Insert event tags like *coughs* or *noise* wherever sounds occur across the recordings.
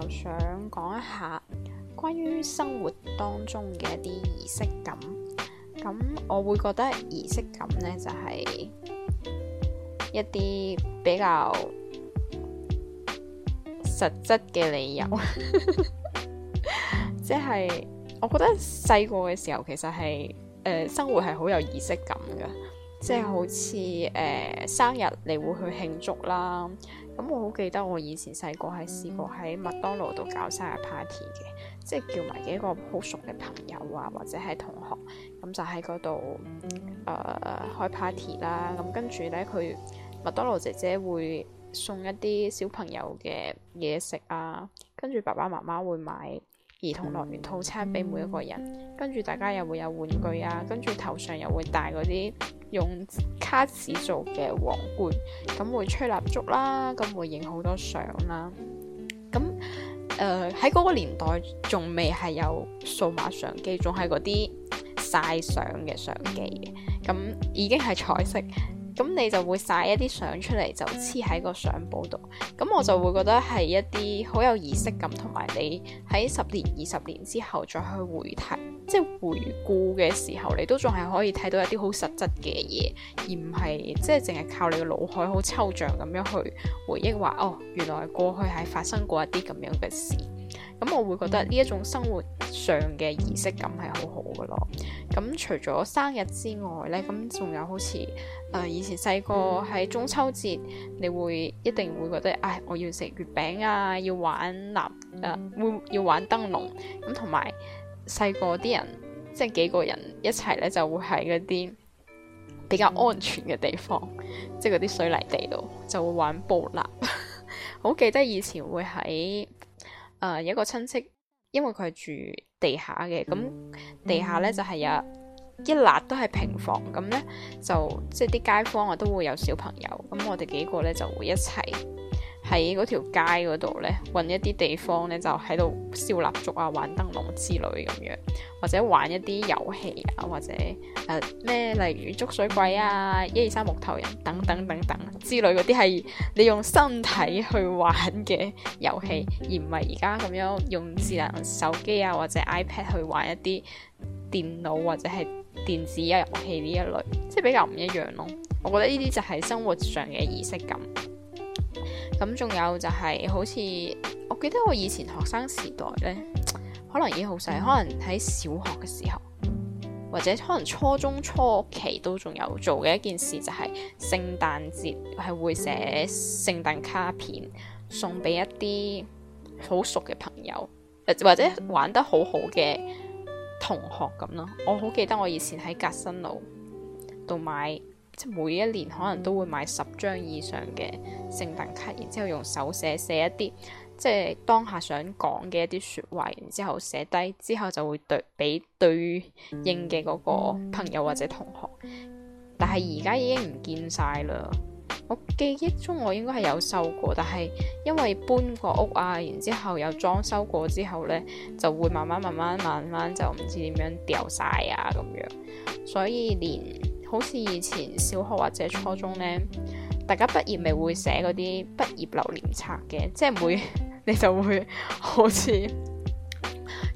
就想講一下關於生活當中嘅一啲儀式感，咁我會覺得儀式感呢，就係、是、一啲比較實質嘅理由，即 *laughs* 係我覺得細個嘅時候其實係誒、呃、生活係好有儀式感㗎，即、就、係、是、好似誒、呃、生日你會去慶祝啦。咁、嗯、我好記得我以前細個係試過喺麥當勞度搞生日 party 嘅，即係叫埋幾個好熟嘅朋友啊，或者係同學，咁、嗯、就喺嗰度誒開 party 啦。咁、嗯、跟住呢，佢麥當勞姐姐會送一啲小朋友嘅嘢食啊，跟住爸爸媽媽會買兒童樂園套餐俾每一個人，跟住大家又會有玩具啊，跟住頭上又會戴嗰啲用卡紙做嘅皇冠，咁會吹蠟燭啦，咁會影好多相啦，咁誒喺嗰個年代仲未係有數碼相機，仲係嗰啲晒相嘅相機嘅，咁已經係彩色。咁你就會晒一啲相出嚟，就黐喺個相簿度。咁我就會覺得係一啲好有儀式感，同埋你喺十年、二十年之後再去回睇，即係回顧嘅時候，你都仲係可以睇到一啲好實質嘅嘢，而唔係即係淨係靠你嘅腦海好抽象咁樣去回憶話，哦，原來過去係發生過一啲咁樣嘅事。咁我會覺得呢一種生活上嘅儀式感係好好嘅咯。咁除咗生日之外呢，咁仲有好似誒、呃、以前細個喺中秋節，你會一定會覺得，唉、哎，我要食月餅啊，要玩蠟，誒、呃，會要玩燈籠。咁同埋細個啲人，即係，幾個人一齊呢，就會喺嗰啲比較安全嘅地方，即係嗰啲水泥地度，就會玩煲蠟。好 *laughs* 記得以前會喺～誒、呃、有一個親戚，因為佢係住地下嘅，咁、嗯、地下咧、嗯、就係有一笪都係平房，咁咧就即係啲街坊啊都會有小朋友，咁我哋幾個咧就會一齊喺嗰條街嗰度咧搵一啲地方咧就喺度燒蠟燭啊、玩燈籠之類咁樣，或者玩一啲遊戲啊，或者誒咩、呃、例如捉水鬼啊、一二三木頭人等等等等，等，等。之類嗰啲係你用身體去玩嘅遊戲，而唔係而家咁樣用智能手機啊或者 iPad 去玩一啲電腦或者係電子遊遊戲呢一類，即係比較唔一樣咯。我覺得呢啲就係生活上嘅儀式感。咁仲有就係、是、好似我記得我以前學生時代呢，可能已經好細，嗯、可能喺小學嘅時候。或者可能初中初期都仲有做嘅一件事就係聖誕節，係會寫聖誕卡片送俾一啲好熟嘅朋友，或者玩得好好嘅同學。咁咯。我好記得我以前喺革新路度買，即係每一年可能都會買十張以上嘅聖誕卡，然之後用手寫寫一啲。即係當下想講嘅一啲說話，然之後寫低之後就會對俾對應嘅嗰個朋友或者同學。但係而家已經唔見晒啦。我記憶中我應該係有收過，但係因為搬過屋啊，然之後又裝修過之後呢，就會慢慢慢慢慢慢就唔知點樣掉晒啊咁樣。所以連好似以前小學或者初中呢。大家畢業咪會寫嗰啲畢業流年冊嘅，即係每，你就會好似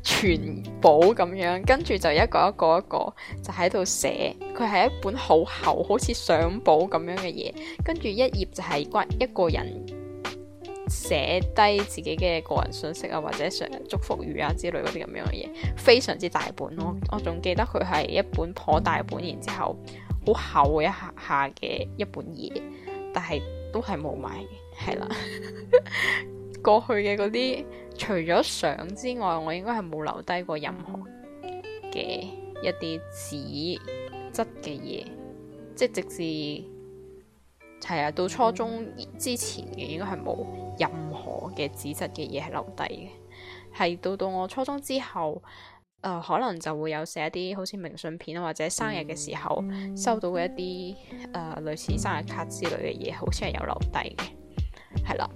存簿咁樣，跟住就一個一個一個,一個就喺度寫。佢係一本好厚，好似相簿咁樣嘅嘢。跟住一頁就係關一個人寫低自己嘅個人信息啊，或者上祝福語啊之類嗰啲咁樣嘅嘢，非常之大本咯。我仲記得佢係一本頗大本，然之後好厚一下下嘅一本嘢。但係都係冇買嘅，係啦。 *laughs* 過去嘅嗰啲除咗相之外，我應該係冇留低過任何嘅一啲紙質嘅嘢，即係直至係啊，到初中之前嘅應該係冇任何嘅紙質嘅嘢係留低嘅，係到到我初中之後。誒、呃、可能就會有寫一啲好似明信片啊，或者生日嘅時候收到嘅一啲誒、呃、類似生日卡之類嘅嘢，好似係有留低嘅，係啦。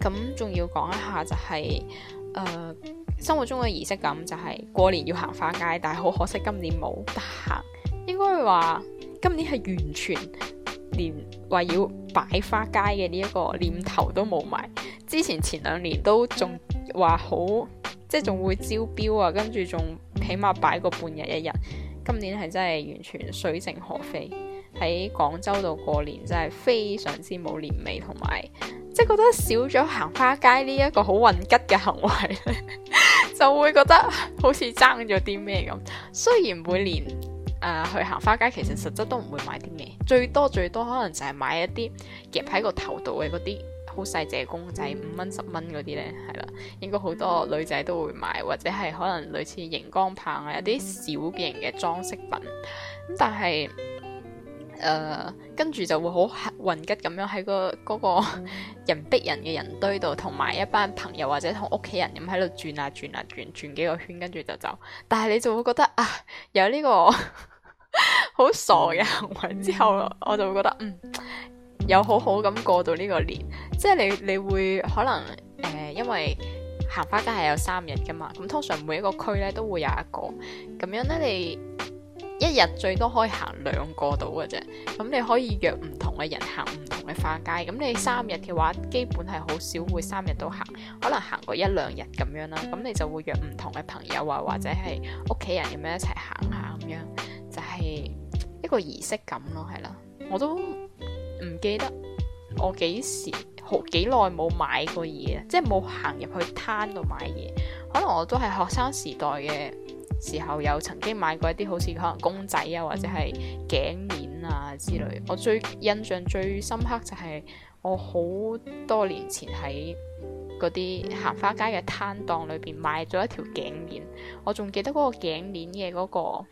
咁仲要講一下就係、是、誒、呃、生活中嘅儀式感，就係過年要行花街，但係好可惜今年冇得行。應該話今年係完全連話要擺花街嘅呢一個念頭都冇埋。之前前兩年都仲話好。即係仲會招標啊，跟住仲起碼擺個半日一日。今年係真係完全水靜河飛，喺廣州度過年真係非常之冇年味，同埋即係覺得少咗行花街呢一個好混吉嘅行為， *laughs* 就會覺得好似爭咗啲咩咁。雖然每年誒、呃、去行花街，其實實質都唔會買啲咩，最多最多可能就係買一啲夾喺個頭度嘅嗰啲，好細隻公仔，五蚊十蚊嗰啲呢，係啦，應該好多女仔都會買，或者係可能類似熒光棒啊，有啲小型嘅裝飾品。但係，誒、呃，跟住就會好混吉咁樣喺個嗰、嗰個人逼人嘅人堆度，同埋一班朋友或者同屋企人咁喺度轉啊轉啊轉，轉幾個圈，跟住就走。但係你就會覺得啊，有呢個好 *laughs* 傻嘅行為之後，我就會覺得嗯。有好好咁過到呢個年，即係你，你會可能誒、呃，因為行花街係有三日噶嘛。咁通常每一個區咧都會有一個咁樣咧，你一日最多可以行兩個到嘅啫。咁你可以約唔同嘅人行唔同嘅花街。咁你三日嘅話，基本係好少會三日都行，可能行過一兩日咁樣啦。咁你就會約唔同嘅朋友、啊，或或者係屋企人咁樣一齊行下咁樣，就係、係、一個儀式感咯，係啦，我都。唔記得我幾時好幾耐冇買過嘢，即係冇行入去攤度買嘢。可能我都係學生時代嘅時候，有曾經買過一啲好似可能公仔啊，或者係頸鏈啊之類。我最印象最深刻就係、是、我好多年前喺嗰啲行花街嘅攤檔裏邊買咗一條頸鏈。我仲記得嗰個頸鏈嘅嗰個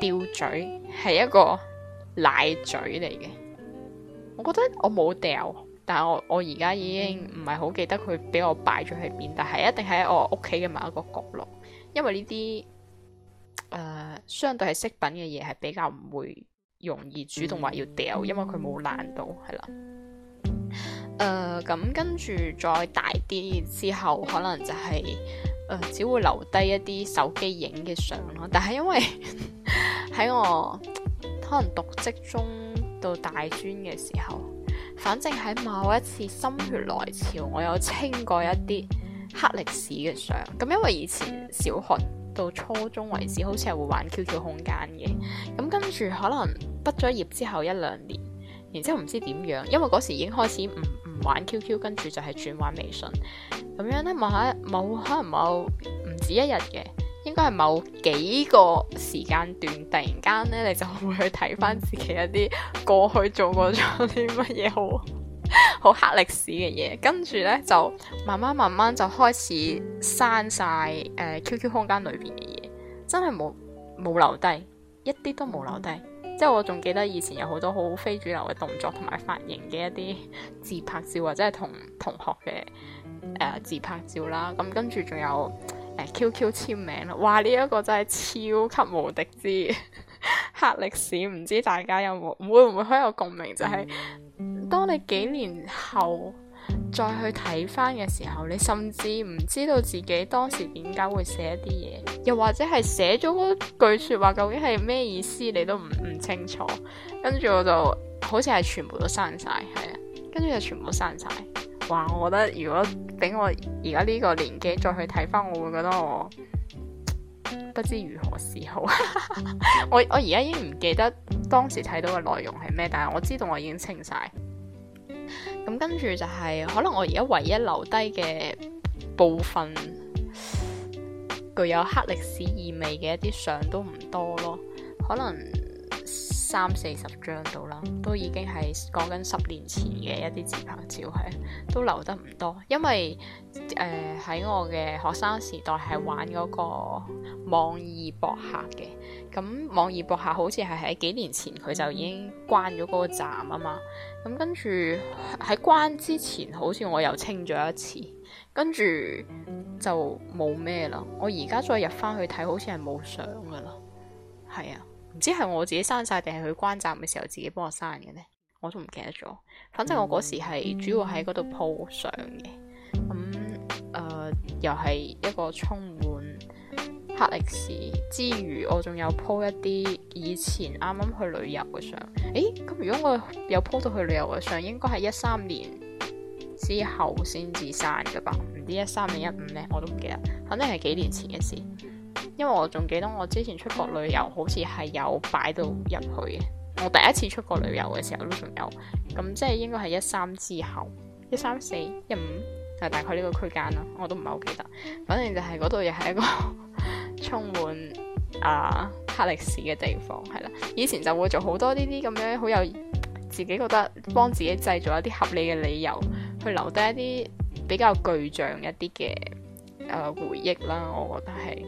吊嘴係一個奶嘴嚟嘅。我覺得我冇掉，但係我我而家已經唔係好記得佢俾我擺咗喺邊，但係一定喺我屋企嘅某一個角落，因為呢啲誒，相對係飾品嘅嘢係比較唔會容易主動話要掉，因為佢冇爛到。係啦。誒、呃，咁跟住再大啲之後，可能就係、是、誒、呃、只會留低一啲手機影嘅相咯，但係因為喺 *laughs* 我可能讀職中。到大專嘅時候，反正喺某一次心血來潮，我有清過一啲黑歷史嘅相。咁因為以前小學到初中為止，好似係會玩 QQ 空間嘅。咁跟住可能畢咗業之後一兩年，然之後唔知點樣，因為嗰時已經開始唔唔玩 QQ，跟住就係轉玩微信。咁樣咧，冇可能冇唔止一日嘅。都係某幾個時間段，突然間呢，你就會去睇翻自己一啲過去做過咗啲乜嘢好 *laughs* *laughs* 好黑歷史嘅嘢，跟住呢就慢慢慢慢就開始刪晒誒、呃、QQ 空間裏邊嘅嘢，真係冇冇留低，一啲都冇留低。即係我仲記得以前有好多好非主流嘅動作同埋髮型嘅一啲自拍照或者係同同學嘅誒、呃、自拍照啦，咁跟住仲有。誒，QQ 簽名啦，哇！呢、這、一個真係超級無敵之 *laughs* 黑歷史，唔知大家有冇會唔會好有共鳴？就係、是、當你幾年後再去睇翻嘅時候，你甚至唔知道自己當時點解會寫一啲嘢，又或者係寫咗句說話究竟係咩意思，你都唔唔清楚。跟住我就好似係全部都刪晒，係啊，跟住就全部刪晒。哇！我覺得如果俾我而家呢個年紀再去睇返，我會覺得我不知如何是好 *laughs* 我。我我而家已經唔記得當時睇到嘅內容係咩，但係我知道我已經清晒。咁跟住就係、是、可能我而家唯一留低嘅部分具有黑歷史意味嘅一啲相都唔多咯，可能。三四十張到啦，都已經係講緊十年前嘅一啲自拍照，係都留得唔多。因為誒喺、呃、我嘅學生時代係玩嗰個網易博客嘅，咁網易博客好似係喺幾年前佢就已經關咗嗰個站啊嘛。咁跟住喺關之前，好似我又清咗一次，跟住就冇咩啦。我而家再入翻去睇，好似係冇相噶啦，係啊。唔知係我自己刪晒定係佢關站嘅時候自己幫我刪嘅呢？我都唔記得咗。反正我嗰時係主要喺嗰度 po 相嘅。咁、嗯、誒、呃，又係一個充滿黑歷史之餘，我仲有 po 一啲以前啱啱去旅遊嘅相。誒，咁如果我有 po 到去旅遊嘅相，應該係一三年之後先至刪嘅吧？唔知一三年、一五呢，我都唔記得。反正係幾年前嘅事。因為我仲記得我之前出國旅遊好似係有擺到入去嘅。我第一次出國旅遊嘅時候都仲有咁，即係應該係一三之後一三四一五啊，1, 3, 4, 1, 5, 大概呢個區間啦，我都唔係好記得。反正就係嗰度又係一個 *laughs* 充滿啊黑歷史嘅地方係啦。以前就會做好多呢啲咁樣好有自己覺得幫自己製造一啲合理嘅理由，去留低一啲比較具象一啲嘅誒回憶啦。我覺得係。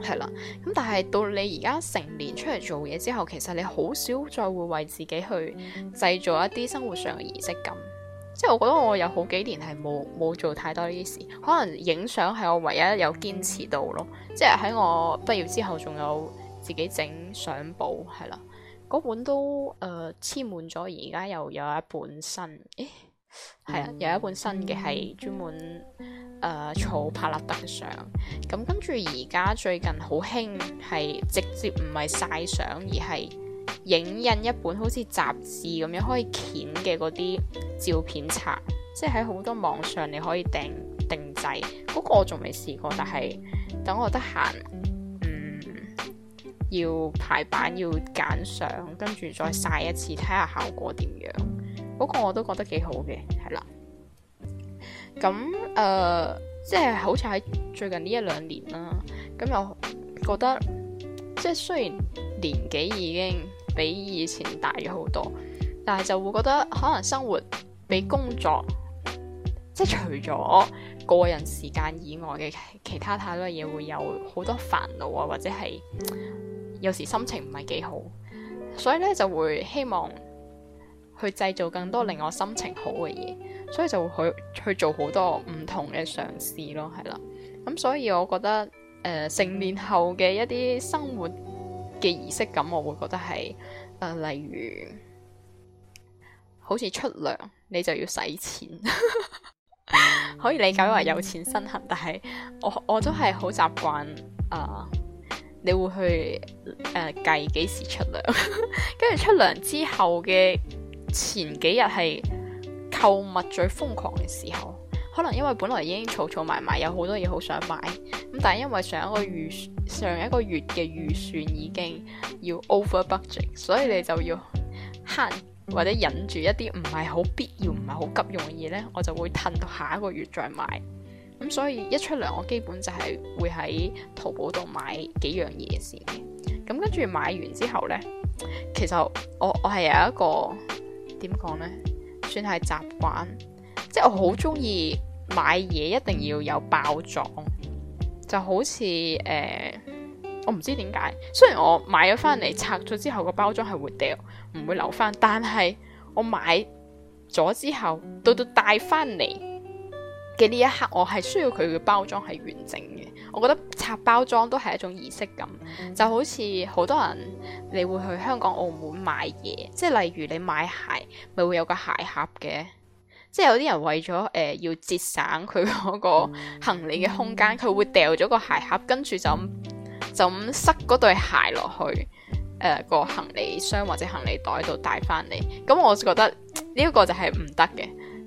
係啦，咁但係到你而家成年出嚟做嘢之後，其實你好少再會為自己去製造一啲生活上嘅儀式感。即係我覺得我有好幾年係冇冇做太多呢啲事，可能影相係我唯一有堅持到咯。即係喺我畢業之後，仲有自己整相簿，係啦，嗰本都誒黐滿咗，而家又有一本新。係啊，有一本新嘅係專門誒儲拍立得相，咁跟住而家最近好興係直接唔係晒相，而係影印一本好似雜誌咁樣，可以剪嘅嗰啲照片冊，即係喺好多網上你可以訂定，定製，嗰、嗰個我仲未試過，但係等我得閒，嗯，要排版要揀相，跟住再晒一次睇下效果點樣。嗰個我都覺得幾好嘅，係啦。咁誒、呃，即係好似喺最近呢一兩年啦、啊，咁又覺得即係雖然年紀已經比以前大咗好多，但係就會覺得可能生活比工作，即係除咗個人時間以外嘅其他太多嘢，會有好多煩惱啊，或者係有時心情唔係幾好，所以咧就會希望去製造更多令我心情好嘅嘢，所以就會去去做好多唔同嘅嘗試咯，係啦。咁、嗯、所以我覺得，誒、呃、成年後嘅一啲生活嘅儀式感，我會覺得係誒、呃，例如好似出糧，你就要使錢， *laughs* *laughs* 可以理解為、嗯、有錢身痕，但係我我都係好習慣誒，你會去誒計幾時出糧，跟 *laughs* 住出糧之後嘅。前幾日係購物最瘋狂嘅時候，可能因為本來已經儲儲埋埋，有好多嘢好想買咁，但係因為上一個預上一個月嘅預算已經要 over budget，所以你就要慳或者忍住一啲唔係好必要、唔係好急用嘅嘢呢，我就會褪到下一個月再買咁，所以一出糧我基本就係會喺淘寶度買幾樣嘢先嘅。咁跟住買完之後呢，其實我我係有一個。點講咧？算係習慣，即係我好中意買嘢，一定要有包裝，就好似誒、呃，我唔知點解。雖然我買咗翻嚟拆咗之後個包裝係會掉，唔會留翻，但係我買咗之後到到帶翻嚟嘅呢一刻，我係需要佢嘅包裝係完整嘅。我覺得拆包裝都係一種儀式感，嗯、就好似好多人你會去香港、澳門買嘢，即係例如你買鞋，咪會有個鞋盒嘅。即係有啲人為咗誒、呃、要節省佢嗰個行李嘅空間，佢會掉咗個鞋盒，跟住就咁塞嗰對鞋落去誒、呃、個行李箱或者行李袋度帶翻嚟。咁我覺得呢一個就係唔得嘅。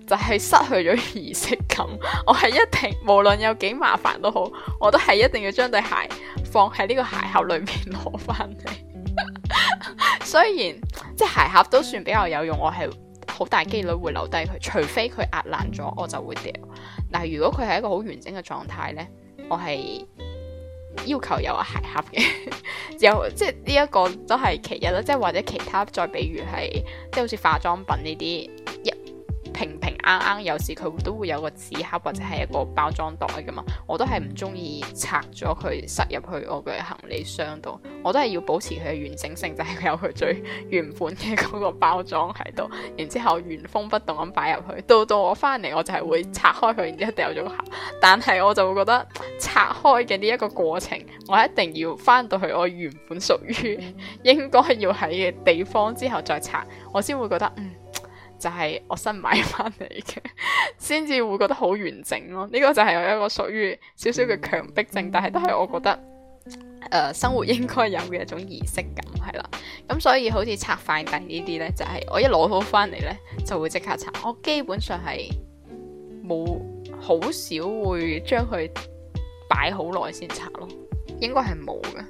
就係失去咗儀式感，我係一定無論有幾麻煩都好，我都係一定要將對鞋放喺呢個鞋盒裏面攞翻嚟。 *laughs* 雖然即係鞋盒都算比較有用，我係好大機率會留低佢，除非佢壓爛咗，我就會掉。但係如果佢係一個好完整嘅狀態咧，我係要求有鞋盒嘅。 *laughs* 有即係呢一個都係其一啦，即係或者其他再比如係即係好似化妝品呢啲一瓶瓶。平平啱啱有時佢都會有個紙盒或者係一個包裝袋噶嘛，我都係唔中意拆咗佢塞入去我嘅行李箱度，我都係要保持佢嘅完整性，就係、是、有佢最原本嘅嗰個包裝喺度，然之後原封不動咁擺入去，到到我翻嚟，我就係會拆開佢，然之後掉咗盒，但係我就會覺得拆開嘅呢一個過程，我一定要翻到去我原本屬於應該要喺嘅地方之後再拆，我先會覺得嗯。就係我新買翻嚟嘅，先 *laughs* 至會覺得好完整咯。呢、這個就係我一個屬於少少嘅強迫症，嗯、但係都係我覺得，誒、呃，生活應該有嘅一種儀式感係啦。咁所以好似拆快遞呢啲呢，就係、是、我一攞到翻嚟呢，就會即刻拆。我基本上係冇，好少會將佢擺好耐先拆咯。應該係冇嘅，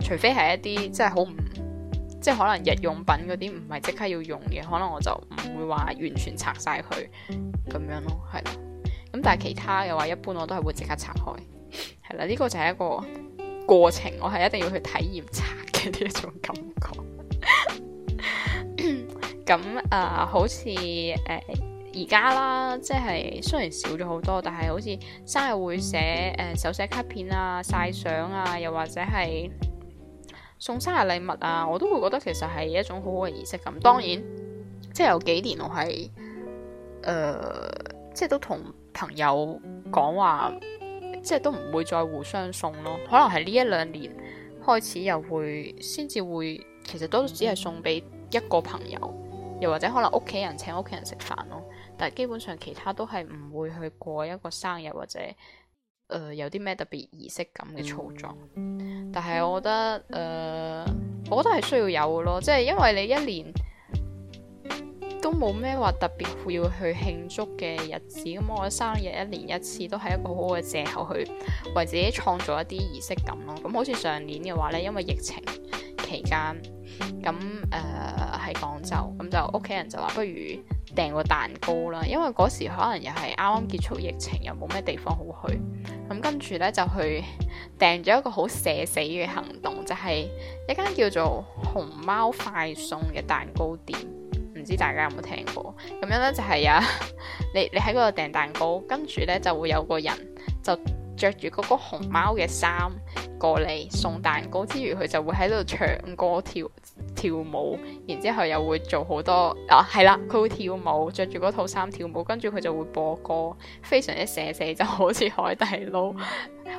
除非係一啲真係好唔。即係可能日用品嗰啲唔係即刻要用嘅，可能我就唔會話完全拆晒佢咁樣咯，係啦。咁但係其他嘅話，一般我都係會即刻拆開，係啦。呢、這個就係一個過程，我係一定要去體驗拆嘅呢一種感覺。咁 *laughs* 誒、 *coughs* 嗯呃，好似誒而家啦，即係雖然少咗好多，但係好似生日會寫誒、呃、手寫卡片啊、晒相啊，又或者係。送生日禮物啊，我都會覺得其實係一種好好嘅儀式感。當然，即係有幾年我係，誒、呃，即係都同朋友講話，即係都唔會再互相送咯。可能係呢一兩年開始又會，先至會其實都只係送俾一個朋友，又或者可能屋企人請屋企人食飯咯。但係基本上其他都係唔會去過一個生日或者。誒、呃、有啲咩特別儀式感嘅操作，但係我覺得誒、呃，我覺得係需要有嘅咯，即係因為你一年都冇咩話特別會要去慶祝嘅日子，咁我生日一年一次都係一個好好嘅藉口去為自己創造一啲儀式感咯。咁好似上年嘅話呢，因為疫情期間。咁誒喺廣州，咁就屋企人就話不如訂個蛋糕啦，因為嗰時可能又係啱啱結束疫情，又冇咩地方好去，咁跟住呢，就去訂咗一個好社死嘅行動，就係、是、一間叫做熊貓快送嘅蛋糕店，唔知大家有冇聽過？咁樣呢，就係啊，你你喺嗰度訂蛋糕，跟住呢就會有個人就，着住嗰個熊貓嘅衫過嚟送蛋糕之，之餘佢就會喺度唱歌跳跳舞，然之後又會做好多啊係啦，佢會跳舞，着住嗰套衫跳舞，跟住佢就會播歌，非常之社死，就好似海底撈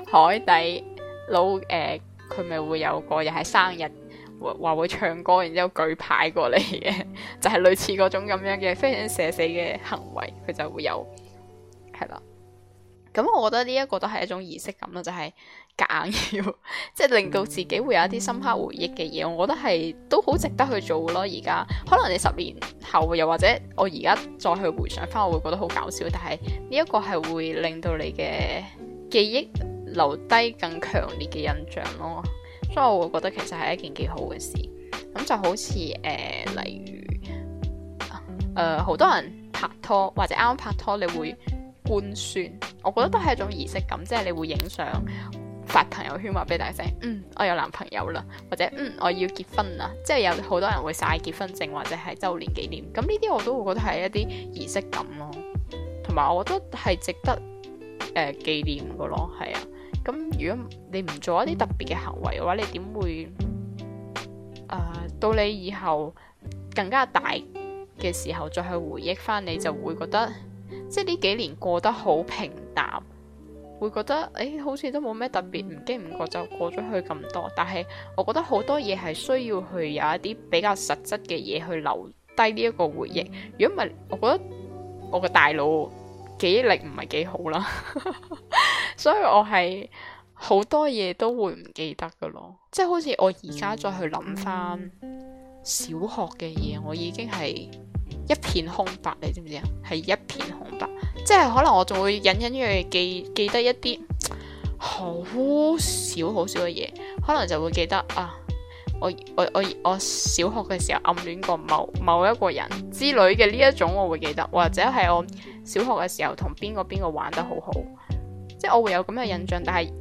海底撈誒，佢、呃、咪會有個又係生日話會唱歌，然之後舉牌過嚟嘅，就係、是、類似嗰種咁樣嘅非常之社死嘅行為，佢就會有係啦。咁我覺得呢一個都係一種儀式感咯，就係、是、夾硬嘢，即 *laughs* 係令到自己會有一啲深刻回憶嘅嘢。我覺得係都好值得去做咯。而家可能你十年後，又或者我而家再去回想返，我會覺得好搞笑。但係呢一個係會令到你嘅記憶留低更強烈嘅印象咯。所以我會覺得其實係一件幾好嘅事。咁就好似誒、呃，例如誒，好、呃、多人拍拖或者啱啱拍拖，你會官宣。我覺得都係一種儀式感，即係你會影相發朋友圈話俾大家聽，嗯，我有男朋友啦，或者嗯，我要結婚啦，即係有好多人會晒結婚證或者係周年紀念，咁呢啲我都會覺得係一啲儀式感咯，同埋我覺得係值得誒、呃、紀念噶咯，係啊，咁如果你唔做一啲特別嘅行為嘅話，你點會誒、呃、到你以後更加大嘅時候再去回憶翻，你就會覺得。即係呢幾年過得好平淡，會覺得誒，好似都冇咩特別，唔經唔覺就過咗去咁多。但係我覺得好多嘢係需要去有一啲比較實質嘅嘢去留低呢一個回憶。如果唔係，我覺得我個大腦記憶力唔係幾好啦， *laughs* 所以我係好多嘢都會唔記得㗎咯。即係好似我而家再去諗返小學嘅嘢，我已經係。一片空白，你知唔知啊？係一片空白，即係可能我仲會隱隱約記記，記得一啲好少好少嘅嘢，可能就會記得啊，我我我我小學嘅時候暗戀過某某一個人之類嘅呢一種我會記得，或者係我小學嘅時候同邊個邊個玩得好好，即係我會有咁嘅印象，但係。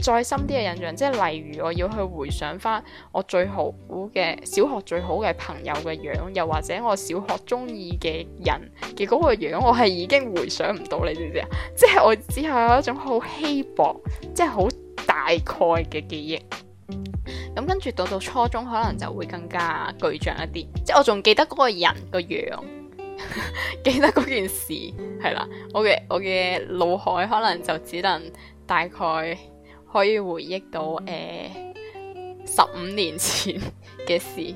再深啲嘅印象，即係例如我要去回想翻我最好嘅小學最好嘅朋友嘅樣，又或者我小學中意嘅人嘅嗰個樣，我係已經回想唔到，你知唔知啊？即係我只係有一種好稀薄，即係好大概嘅記憶。咁跟住到到初中，可能就會更加具象一啲，即係我仲記得嗰個人個樣， *laughs* 記得嗰件事，係啦。我嘅我嘅腦海可能就只能大概。可以回憶到誒十五年前嘅事，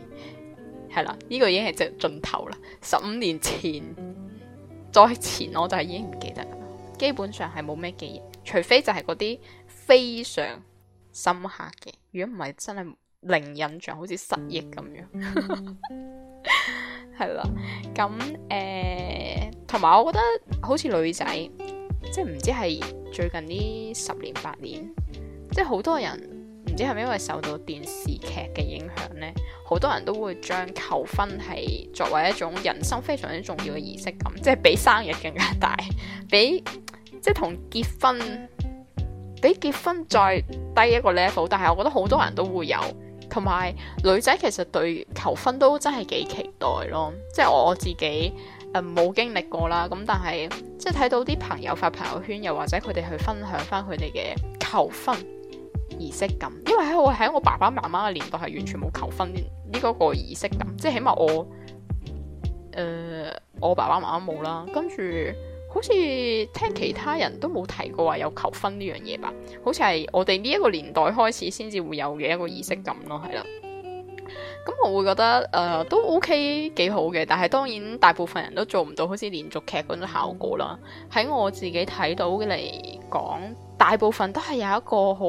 係啦，呢、這個已經係就盡頭啦。十五年前再前，我就係已經唔記得啦。基本上係冇咩記憶，除非就係嗰啲非常深刻嘅。如果唔係真係零印象，好似失憶咁樣，係 *laughs* 啦。咁誒，同、呃、埋我覺得好似女仔，即係唔知係最近呢十年八年，即係好多人唔知係咪因為受到電視劇嘅影響呢？好多人都會將求婚係作為一種人生非常之重要嘅儀式感，即係比生日更加大，比即係同結婚比結婚再低一個 level。但係我覺得好多人都會有，同埋女仔其實對求婚都真係幾期待咯。即係我自己誒冇、呃、經歷過啦，咁但係即係睇到啲朋友發朋友圈，又或者佢哋去分享翻佢哋嘅求婚。儀式感，因為喺我喺我爸爸媽媽嘅年代係完全冇求婚呢嗰個儀式感，即係起碼我，誒、呃、我爸爸媽媽冇啦，跟住好似聽其他人都冇提過話有求婚呢樣嘢吧，好似係我哋呢一個年代開始先至會有嘅一個儀式感咯，係啦。咁、嗯、我會覺得誒、呃、都 OK 幾好嘅，但係當然大部分人都做唔到好似連續劇嗰種效果啦。喺我自己睇到嘅嚟講，大部分都係有一個好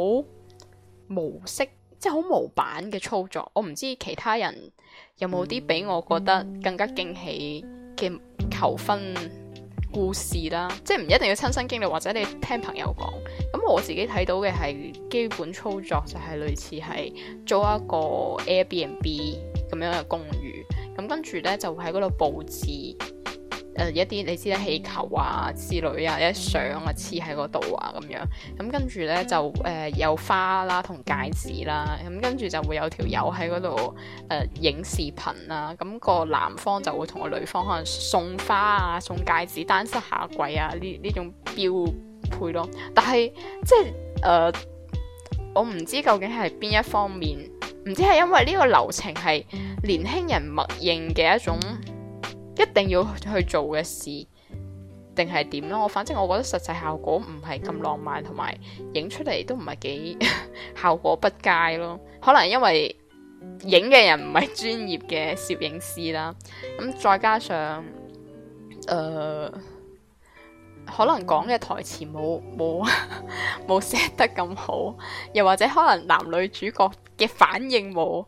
模式，即係好模板嘅操作，我唔知其他人有冇啲俾我覺得更加驚喜嘅求婚故事啦，即係唔一定要親身經歷，或者你聽朋友講。咁我自己睇到嘅係基本操作就係類似係租一個 Airbnb 咁樣嘅公寓，咁跟住呢，就會喺嗰度佈置。誒、呃、一啲你知咧，氣球啊之類啊，一相啊黐喺嗰度啊咁樣，咁、嗯、跟住咧就誒、呃、有花啦同戒指啦，咁、嗯、跟住就會有條友喺嗰度誒影視頻啊，咁、嗯、個男方就會同個女方可能送花啊、送戒指、單膝下跪啊，呢呢種標配咯，但係即係誒、呃、我唔知究竟係邊一方面，唔知係因為呢個流程係年輕人默認嘅一種。一定要去做嘅事，定係點咯？我反正我覺得實際效果唔係咁浪漫，同埋影出嚟都唔係幾效果不佳咯。可能因為影嘅人唔係專業嘅攝影師啦，咁再加上誒，可能講嘅台詞冇冇冇寫得咁好，又或者可能男女主角嘅反應冇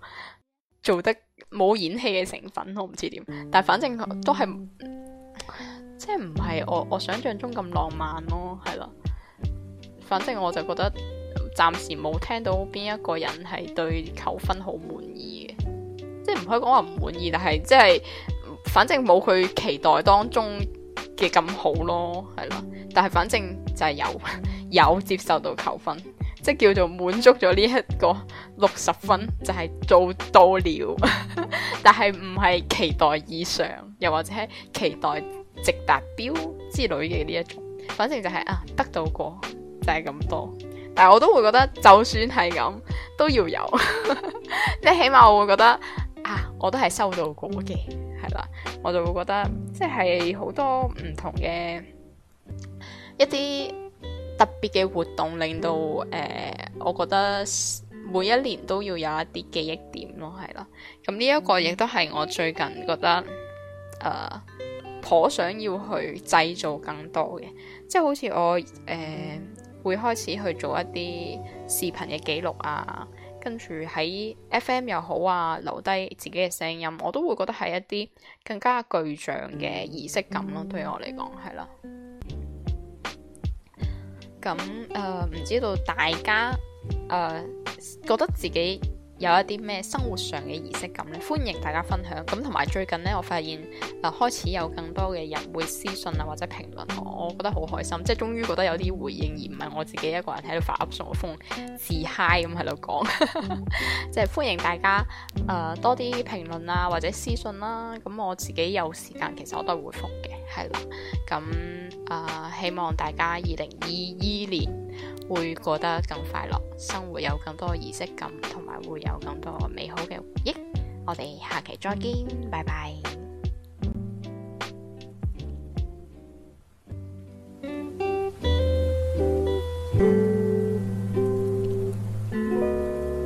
做得。冇演戲嘅成分，我唔知點，但係反正都係，即係唔係我我想象中咁浪漫咯，係啦。反正我就覺得暫時冇聽到邊一個人係對求婚好滿意嘅，即係唔可以講話唔滿意，但係即係反正冇佢期待當中嘅咁好咯，係啦。但係反正就係有有接受到求婚，即係叫做滿足咗呢一個六十分，就係、是、做到了。 *laughs* 但係唔係期待以上，又或者期待值達標之類嘅呢一種，反正就係、是、啊得到過就係、是、咁多。但係我都會覺得，就算係咁都要有，即起碼我會覺得啊，我都係收到過嘅，係啦，我就會覺得即係好多唔同嘅一啲特別嘅活動令到誒、呃，我覺得。每一年都要有一啲記憶點咯，係啦。咁呢一個亦都係我最近覺得誒、呃，頗想要去製造更多嘅，即、就、係、是、好似我誒、呃、會開始去做一啲視頻嘅記錄啊，跟住喺 FM 又好啊，留低自己嘅聲音，我都會覺得係一啲更加具象嘅儀式感咯、啊。對我嚟講係啦。咁誒，唔、呃、知道大家誒，呃覺得自己有一啲咩生活上嘅儀式感呢，歡迎大家分享。咁同埋最近呢，我發現誒開始有更多嘅人會私信啊或者評論我，我我覺得好開心，即係終於覺得有啲回應，而唔係我自己一個人喺度發噏送風、嗯、自 high 咁喺度講。即 *laughs* 係歡迎大家誒、呃、多啲評論啊或者私信啦、啊。咁我自己有時間其實我都會回覆嘅，係啦。咁啊、呃、希望大家二零二二年，會過得更快樂，生活有更多儀式感，同埋會有更多美好嘅回憶。 *noise* 我哋下期再見，拜拜。